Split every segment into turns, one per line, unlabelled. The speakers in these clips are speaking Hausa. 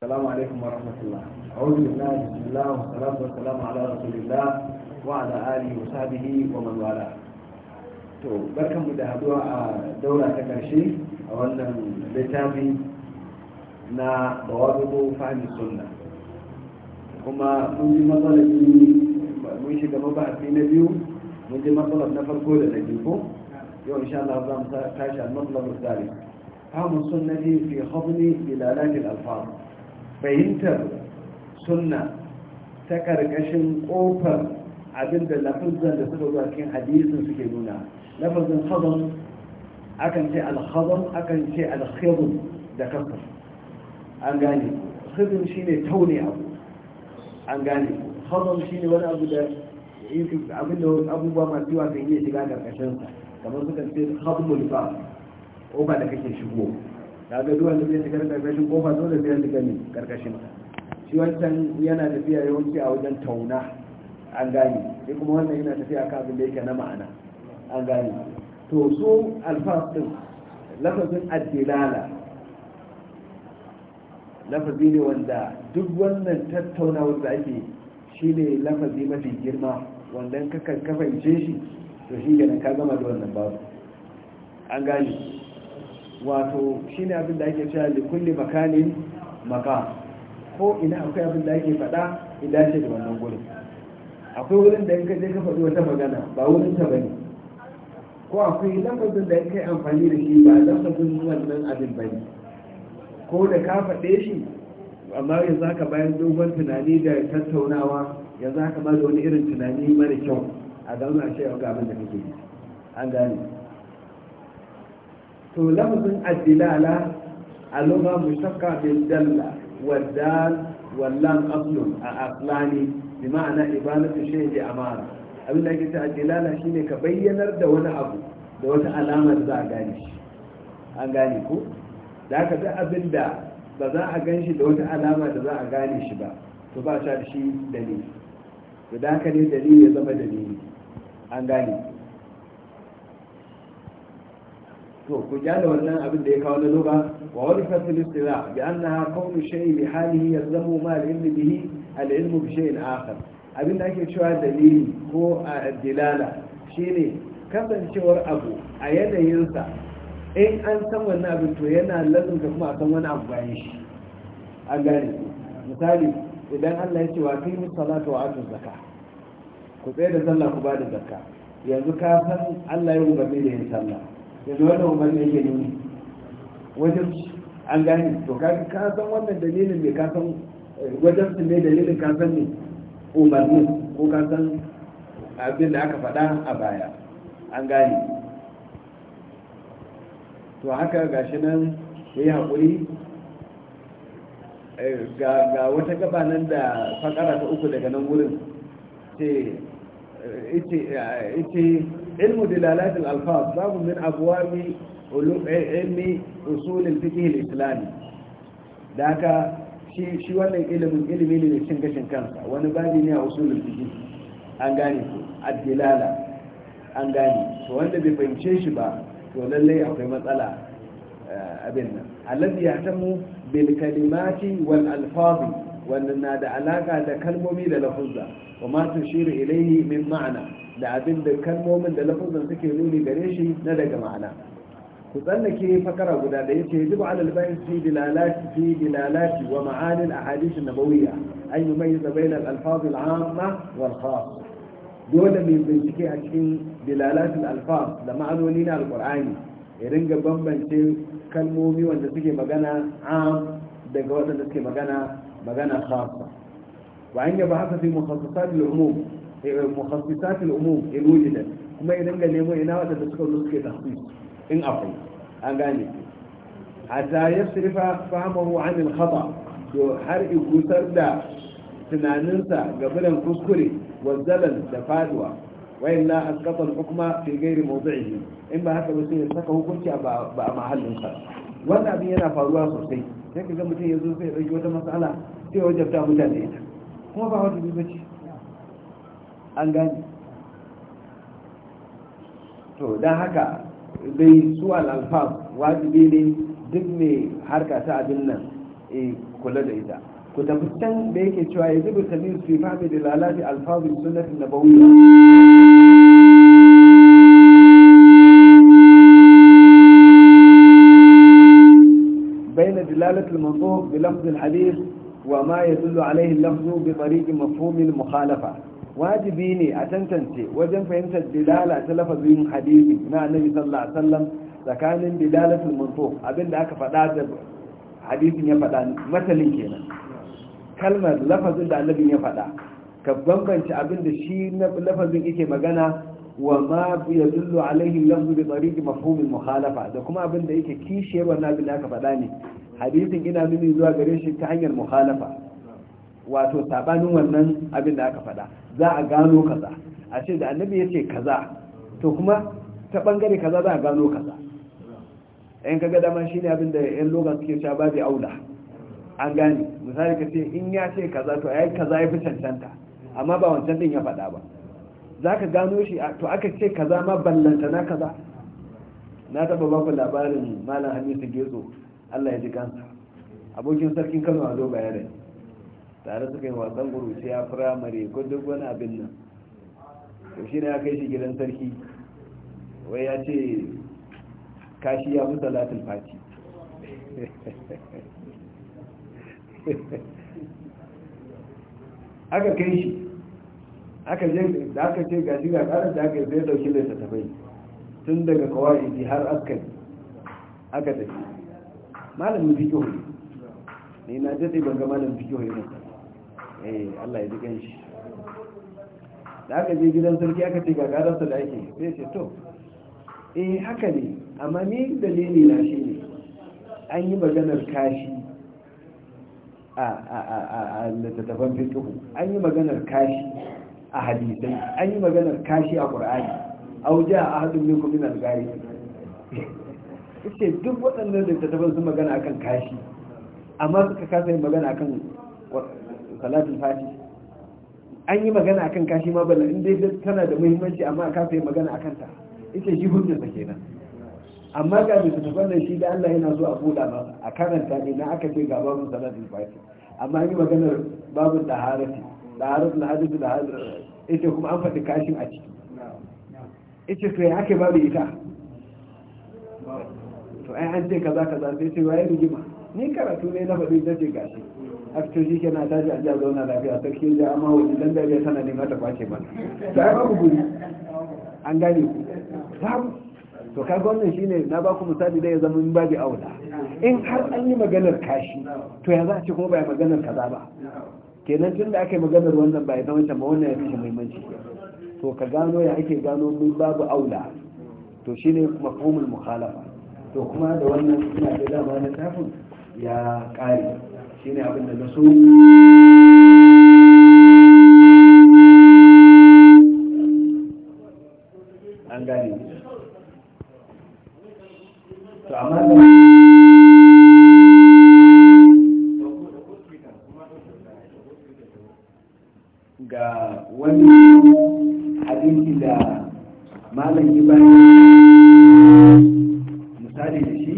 السلام عليكم ورحمة الله أعوذ بالله بسم الله والصلاة والسلام على رسول الله وعلى آله وصحبه ومن والاه to barkan mu da haduwa a daura ta karshe a wannan littafi na bawadubu fahimi sunna kuma mun ji matsalar mun shiga mabahasi na biyu mun ji matsalar na farko da na biyu yau insha Allah za mu tashi al-matsalar musali fahimi sunnati fi khadni dilalatil fahimtar suna ta ƙarƙashin ƙofar abinda lafazan da suka zuwa cikin hadisin suke nuna lafazan hazan akan ce alhazan akan ce alhazan da kafa an gane shi ne taune abu an gane shi ne wani abu da abinda abubuwa masu yawa kan iya shiga ƙarƙashinsa, kamar sukan ce hazan mulfa ko ba da kake shigo kaga duwan da zai shigar karkashin kofa dole sai ya shiga ne karkashin shi wancan yana tafiya yawanci a wajen tauna an gani. sai kuma wannan yana tafiya kan abin da yake na ma'ana an gani to su alfas din lafazin addilala lafazi ne wanda duk wannan tattaunawar da ake shi ne lafazi mafi girma wanda ka kan shi to shi ne ka gama da wannan babu an gani. wato shine abin da ake cewa da kulle makanin maka ko ina akwai abin da ake faɗa in dace da wannan gurin akwai wurin da in ka je ka faɗi wata magana ba wurin ta bane ko akwai lafazin da in yi amfani da shi ba lafazin wannan abin bane ko da ka faɗe shi amma yanzu haka bayan dogon tunani da tattaunawa yanzu haka ma da wani irin tunani mara kyau a zauna a ce ga abin da kake an gane to lafazin addilala a lugha mushakka bin dalla wal wallan wal lam aslun a aslani bi ma'ana ibadatu shay'in bi amara abin da ake ta addilala shine ka bayyanar da wani abu da wata alama da za a gane shi an gane ko da aka duk abin da ba za a gan shi da wata alama da za a gane shi ba to ba sha da shi dalili to da aka ne dalili ya zama dalili an gane to ku gyara wannan abin da ya kawo na zuba wa wani fasil istila bi annaha kaunu shay'in bi halihi yazlamu ma al-ilm bihi al-ilm bi shay'in akhar abin da ake cewa dalili ko dilala shine kasancewar abu a yanayinsa in an san wani abin to yana ka kuma a san wani abu bayan shi a gane misali idan allah ya ce wa kai salatu wa atu zaka ku tsaye da sallah ku ba da zakka yanzu ka san allah ya rubuta da yin sallah yanzu wannan umarni yake nuni wajen an gani to ka san wannan dalilin ne ka san eh, wajen su ne dalilin ka san ne umarni ko ka san abin da aka faɗa a baya an gani to haka gashi nan ya yi haƙuri eh, ga wata gaba nan da fakara ta uku daga nan wurin sai Iti ilmu dilalat al-alfaz babu min abwabi ilmi usul al-fiqh al-islami da haka shi shi wannan ilimin ilimi ne cin gashin kansa wani babi ne a usul al-fiqh an gane ad-dilala an gane to wanda bai fahimce shi ba to lallai akwai matsala abin nan alladhi yahtamu bil kalimati wal alfazi wannan na da alaka da kalmomi da lafuzza wa ma tushiru ilaihi min ma'ana da abin da kalmomin da lafuzzan suke nuni gare shi na daga ma'ana ku tsallake fakara guda da yace yajibu ala al-bayn fi dilalati fi dilalati wa ma'ani al-ahadith an-nabawiyya an yumayyiza bayna al-alfaz al-amma dole mai bincike a cikin dilalat al-alfaz da ma'anoni na al-qur'ani ya ringa bambance kalmomi wanda suke magana am daga waɗanda suke magana magana khassa wa an yaba haka fi mukhassasat umum eh, mukhassasat al-umum in eh, wujidat kuma idan ga nemo ina wadanda suka zo suke tahsis in akwai an gane hatta yasrifa fahmahu an al-khata to har igusar da tunaninsa ga bidan kuskure wa zalal da faduwa وإلا أسقط الحكم في غير ba إما ba سيسقه كنت أبا محل صار wani abin yana faruwa sosai. sai ka ga mutum ya zo sai ya ɗauki wata matsala sai wajen ta mutane ita kuma ba wata bi bace an gane to don haka dai su al'alfaf wajibi ne duk mai harka ta abin nan eh, kula da ita ku tafi can da yake cewa ya zuba sami su fi fahimta da lalata alfafin sunatin nabawiyya بين دلالة المنصوص بلفظ الحديث وما يدل عليه اللفظ بطريق مفهوم المخالفة واجبيني أتنتنتي وجن فهمت الدلالة تلفظ من حديثي مع النبي صلى الله tsakanin dilalatul mantuq abinda aka faɗa da hadisin ya faɗa matalin kenan kalmar lafazin da annabin ya faɗa ka bambance abinda shi lafazin yake magana wa ma ya dullu alaihi lafzu bi tariqi mafhumil mukhalafa da kuma abin da yake kishiyar wannan abin da aka faɗa ne hadisin ina nuni zuwa gare shi ta hanyar mukhalafa wato sabanin wannan abin da aka faɗa za a gano kaza a ce da annabi ya ce kaza to kuma ta bangare kaza za a gano kaza in kaga dama shine abin da yan logan suke sha babu aula an gane misali ka ce in ya ce kaza to ai kaza ya fi cancanta amma ba wancan ɗin ya faɗa ba za ka gano shi to aka ce kaza ma ballanta na kaza na taba baku labarin malam hamisu gezo allah ya ji kansa abokin sarkin kano a doba yare tare suka yi wasan guruciya firamare ko duk wani abin nan to shi ne ya kai shi gidan sarki wai ya ce kashi ya fi salatin fati aka kai shi aka je da aka ce gashi ga karar da aka zai dauki littattafai tun daga kawai har aka aka tafi malamin fikihu ne na daɗe ban ga malamin fikihu ne eh Allah ya ji ganshi da aka je gidan sarki aka ce ga sa da ake sai ce to eh haka ne amma ni dalili na shi ne an yi maganar kashi a littattafan fikihu an yi maganar kashi a hadisai an yi maganar kashi a ƙur'ani A wuce a ahadun ne kuma al-gari ce duk waɗannan ta sun magana akan kashi amma suka kasa yin magana akan salatul fati an yi magana akan kashi ma bala in dai tana da muhimmanci amma a kasa yin magana akan ta ita shi hujjarsa kenan amma ga littattafan tafi shi da Allah yana so a buɗa ba a karanta ne na aka ce ga babun salatul fati amma an yi maganar babun daharati da harafin hadisu da harafin ita kuma an faɗi kashin a ciki ita to ya haka babu ita to ai an ce kaza kaza sai ce waye rigima ni karatu ne na faɗi ta ce gashi after shi ke na ta ji ajiya zauna lafiya sarki ya amma wani dan dariya bai nema mata kwace mana to ai babu guri an gane ku babu to kaga wannan shine na ba ku misali da ya zama in babu aula in har an yi maganar kashi to ya za a ce kuma ba maganar kaza ba kenan tun da aka yi maganar wannan ba ya zama ta wannan ya fi shi muhimmanci to ka gano ya ake gano min babu aula to shine mafhumul mukhalafa to kuma da wannan ina da dama na tafin ya kare shine abin da na so gane malam yi bayan misali da shi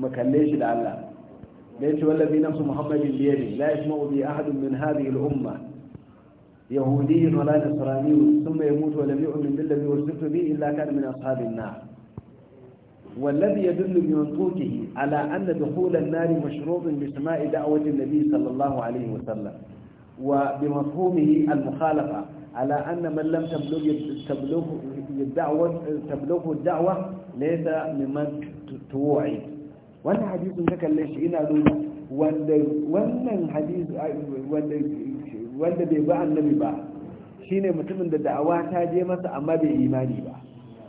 mu kalle shi da Allah da yace wallazi nafsu muhammadin bi yadi la yasma'u bi ahadun min hadhihi al-umma yahudiyyun wala nasraniyyun thumma yamutu wa lam yu'min billazi ursiltu bihi illa kana min ashabin nar والذي يدل بمنطوقه على أن دخول النار مشروط بسماع دعوة النبي صلى الله عليه وسلم وبمفهومه المخالفة على أن من لم تبلغ تبلغه الدعوة تبلغه الدعوة ليس ممن توعد wannan hadisin ka kalle shi ina nuna wannan hadisi wanda bai ba annabi ba shine mutumin da da'awa ta je masa amma bai imani ba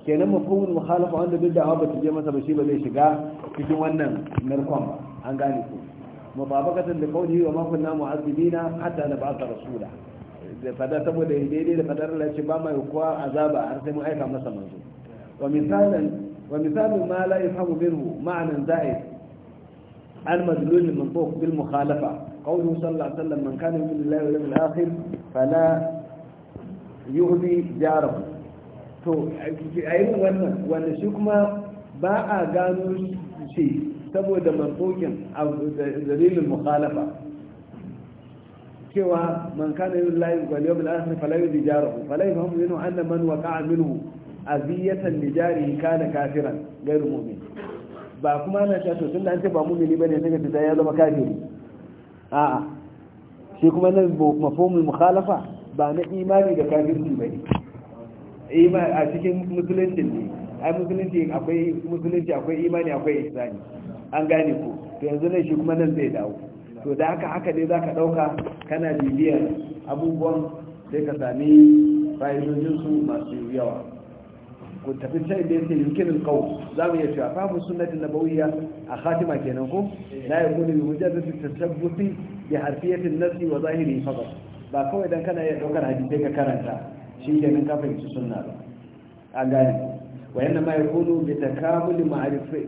kenan mafhumul mukhalafa wanda duk da'awa ba ta je masa ba shi ba zai shiga cikin wannan narkon an gane ko mababakatan da kauli wa ma kunna mu'azzibina rasula da fada saboda daidai da fadar Allah ce ba mai kuwa azaba har sai mun aika masa manzo wa misalan wa misalu ma la yafhamu minhu ma'anan za'id al madlul mantuq bil mukhalafa qawluhu sallallahu alaihi wasallam man kana yu'minu billahi wal yawmil akhir fala yuhdi jarahu to ayin wannan wanda shi kuma ba a gano shi saboda mantuqin dalilin mukhalafa cewa man kana yin layi wal yawm al-akhir fala yudi falai fala yafhamu minhu anna man ka'a minhu aziyatan jari ka kana kafiran ghayru mu'min ba kuma ana cewa to tunda an ce ba ne bane sai ka ya zama kafiri a'a shi kuma nan mafhumul mukhalafa ba na imani da kafirci bane imani a cikin musulunci ne ai musulunci akwai musulunci akwai imani akwai ihsani an gane ku, to yanzu ne shi kuma nan zai dawo to da haka haka dai zaka ɗauka kana bibiyar abubuwan sai ka sami su masu yawa ku tafi sai da yake yunkirin kawo za mu iya cewa fahimu sunnatin nabawiyya a khatima kenan ko la yakunu bi mujarrad tasabbuti bi harfiyatin nasi wa zahiri faqat ba kawai dan kana iya daukar hadisi ka karanta shi kenan ka fahimci sunna ba a gani. وإنما يكون بتكامل معرفي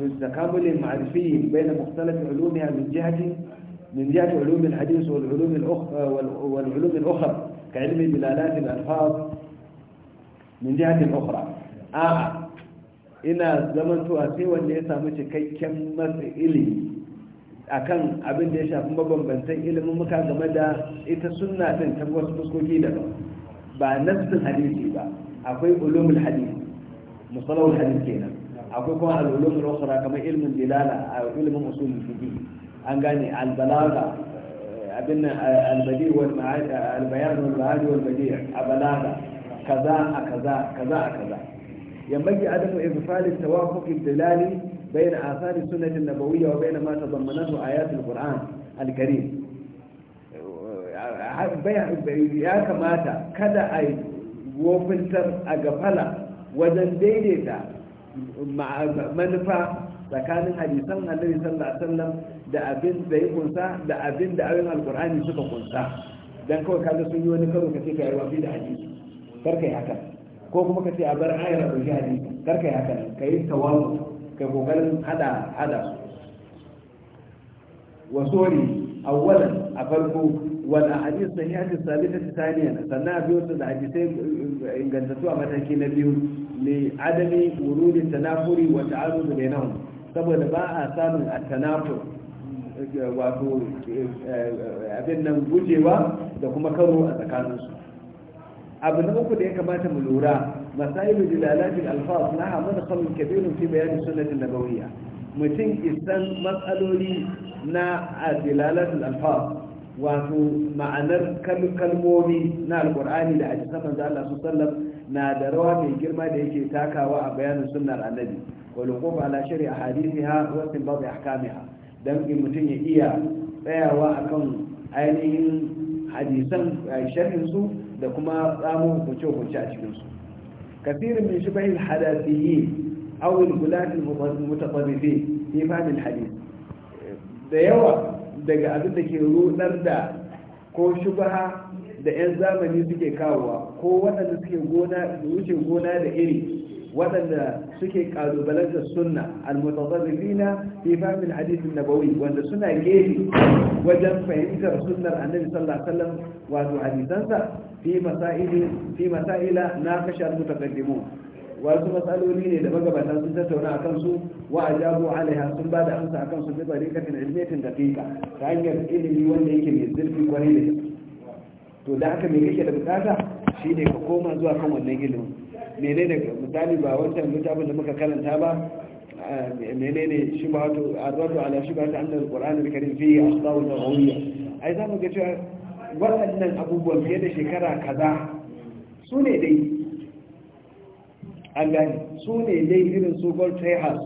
بتكامل معرفين بين مختلف علومها من جهة من جهة علوم الحديث والعلوم الأخرى والعلوم الأخرى كعلم دلالات الألفاظ من جهة أخرى آه إن زمن تواسي والنساء متكي كم مسئلي أكن أبن ديشا مبن بنتي إلى ممكن مدى إتى سنة تنتبوس بسكوكي لنا بعد نفس الحديث أقول علوم الحديث مصطلح الحديثين كنا أقول العلوم الأخرى كما علم الدلالة أو علم أصول الفقه أنجاني البلاغة أبن البديع والمعاد البيان والمعاد والبديع ابلاغه كذا كذا كذا كذا ينبغي عدم اغفال التوافق الدلالي بين آثار السنة النبوية وبين ما تضمنته آيات القرآن الكريم بيع بيع كما كذا أي وفلتر أجفله wajen daidaita manufa tsakanin hadisan annabi sallallahu alaihi wasallam da abin da ya kunsa da abin da ayoyin alkur'ani suka kunsa dan kawai kada sun yi wani karo kace yi wafi da hadisi kar yi haka ko kuma kace a bar ayar da hadisi kar yi haka yi tawawu ka kokarin hada hada wasori awwalan a farko wal ahadith sahihah thalithah thaniyan sannan a biyo da hadisai eh, ingantattu a mataki na biyu li adami wurudin tanafuri wa ta'arudu saboda ba a samun at wato abin nan gujewa da kuma karo a tsakaninsu abu na uku da ya kamata mu lura masailu dilalatin alfaz na hamadu kallon kabirun fi bayanin sunnatin nabawiyya mutum isan matsaloli na dilalatin alfaz wato ma'anar kalmomi na alkur'ani da hadisan manzo Allah su na da rawa mai girma da yake takawa a bayanin sunnar annabi kofa ala shari ahadithiha wa tinbadi don dan mutum ya iya tsayawa akan ainihin hadisan eh, sharhin da kuma tsamo hukunce hukunce a cikin su kasirin min shibahil hadathiyin aw al-gulat al fi al da yawa daga abin da ke rudar da ko shubaha da 'yan zamani suke kawowa ko waɗanda suke gona wuce gona da iri waɗanda suke ƙalubalantar sunna almutazarrifina fi fahmin hadisin nabawi wanda suna gefe wajen fahimtar sunnar annabi sallallahu alaihi wasallam wato hadisansa fi masaili fi masaila na kashe almutaqaddimun wasu matsaloli ne da magabata sun tattauna a kansu wa ajabu alaiha sun ba da amsa a kansu bi tariqatin ilmiyatin daqiqa ta hanyar ilimi wanda yake mai zurfi kwarai da gaske to da haka mai kake da bukata shine ka koma zuwa kan wannan ilimin menene misali ba wancan littafin da muka karanta ba eh, menene shubhatu arradu ala shubhatu karin fiye a fihi da tawhiyya ai zamu ga cewa waɗannan abubuwan fiye da shekara kaza su ne dai an gani su ne dai irin su gold trahers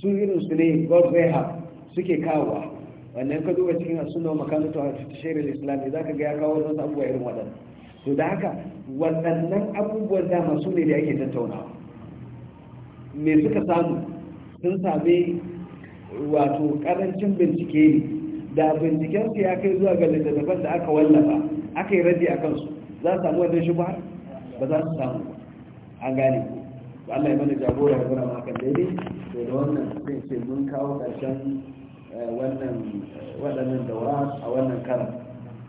su irin su ne gold trahers suke kawowa wannan ka duba cikin sunan makanatu a shirin islami za ka ga ya kawo wasu abubuwa irin waɗanda to da haka waɗannan abubuwan dama su ne da ake tattaunawa me suka samu sun same wato ƙarancin bincike ne da bincikensu ya kai zuwa ga littattafan da aka wallafa aka yi raji a kansu za su samu wannan shubha ba za su samu an gane ku Allah ya mana jagora ya gura kan daidai to da wannan sai mun kawo ƙarshen Eh, eh, waɗannan daura a wannan karan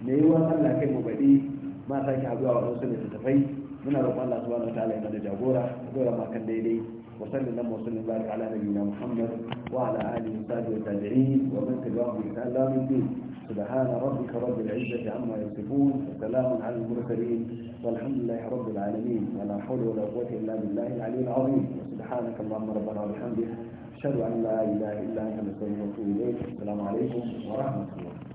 me yi wani allah kai mu baɗi ma sake haɗuwa waɗansu littattafai من ربنا الله سبحانه وتعالى أن نجاورة دورة ما كان ليلي وصل لنا وصل لنا على نبينا محمد وعلى آله المساد والتابعين ومن تبعهم بإنسان لا من سبحان ربك رب العزة عما يصفون وسلام على المرسلين والحمد لله رب العالمين ولا حول ولا قوة إلا بالله العلي العظيم سبحانك اللهم ربنا وبحمدك أشهد أن لا إله إلا أنت نستغفرك وأتوب إليك السلام عليكم ورحمة الله